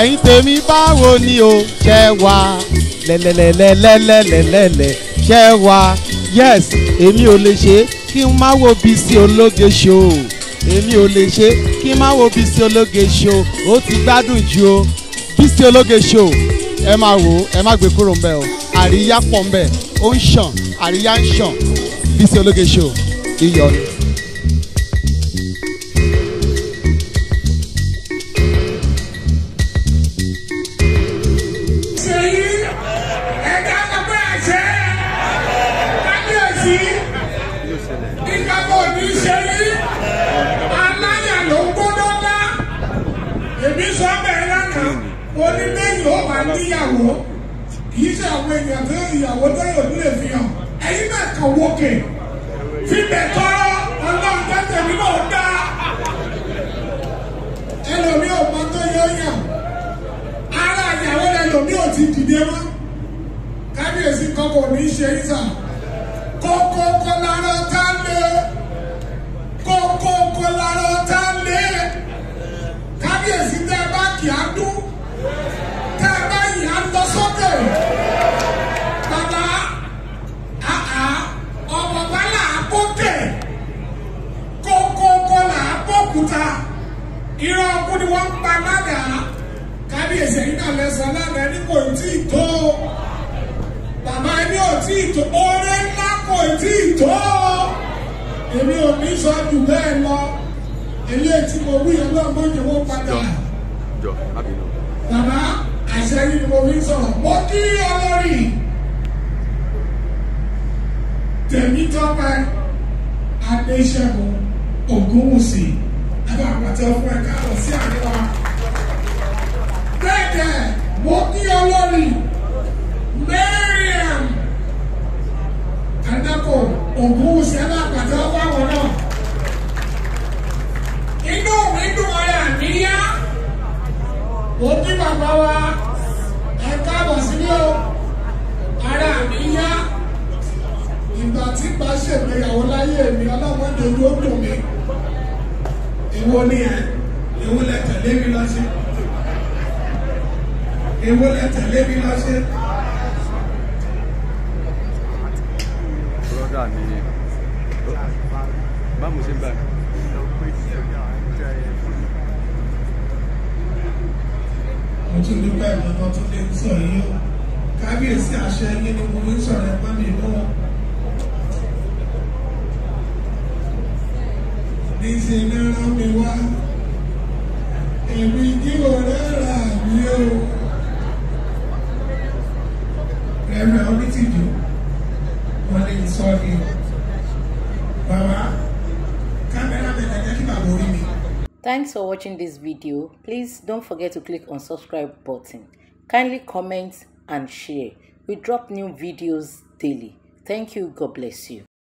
ẹ̀yin tèmi báwo ni o ṣe wà lẹ́lẹ́lẹ́lẹ́lẹ́lẹ́lẹ́ ṣe wà yes èmi ò lè ṣe kí n má wo Bísí Ológe show èmi ò lè ṣe kí n má wo Bísí Ológe show ó ti gbádùn ju o Bísí Ológe show ẹ máa wò ó ẹ má gbé kúrò ńbẹ̀ o àríyá pọ̀ ńbẹ̀ ó ń ṣàn àríyá ń ṣàn Bísí Ológe show iyọ̀ ni. onílẹ̀yìn ó wà níyàwó kì í ṣe àwọn èèyàn tó ìyàwó tó yóò ní lè fi hàn ẹ̀yin náà kàn wókè fífẹ̀ tọ́rọ ọlọ́run tẹ́tẹ̀ mi náà dá ẹlòmí ò mọ tó yọ yàn ara ìyàwó ẹlòmí ò ti dìde mọ́ kábíyèsí kan kò ní í ṣe é sà kókó kó lára tá lé kókó kó lára tá lé kábíyèsí tẹ́ bá kì á dùn. irọ́ ọkú ni wọ́n ń pa ládàá kábíyèsí ẹ̀yìn náà lẹ́sàn ládàá ẹni kò tí ì tó bàbá ẹni ò tí ì tó oore ńlá kò tí ì tó èmi ò ní sọ jù bẹ́ẹ̀ lọ mo wí padà bàbá àṣẹ yìí ni mo fi sọ̀rọ̀ mo kí ẹ̀dá àpàtì ọ̀fun ẹ̀ka lọ sí àríwá. Bẹ́ẹ̀kẹ̀ mo kí olórí Mariam Adako Ògúnwùsì ẹ̀dá àpàtì ọ̀fun àwọn náà. Inú mi dùn ọ̀rẹ́ àníyá. Mo kí bàbá wa ẹ̀ka bọ̀ sílé o. Ara mi yá ìgbà tí bá ṣègbéyàwó láyé mi ọlọ́mọdé ló dùn mí èwo ni ẹ èwo lẹ tẹ̀lé mi lọ sí èwo lẹ tẹ̀lé mi lọ sí. brọ́dà mi báwo ṣe ń bá mi. mo tún dúpẹ́ ìmọ̀tọ́ tó lè sọ yìí o kábíyèsí àṣẹ yín ni mo ń sọ̀rọ̀ ẹ̀gbọ́n mi wọ́n lè sọ ni jẹ́ kí mi. Thanks for watching this video. Please don't forget to click on subscribe button. Kindly comment and share. We drop new videos daily. Thank you. God bless you.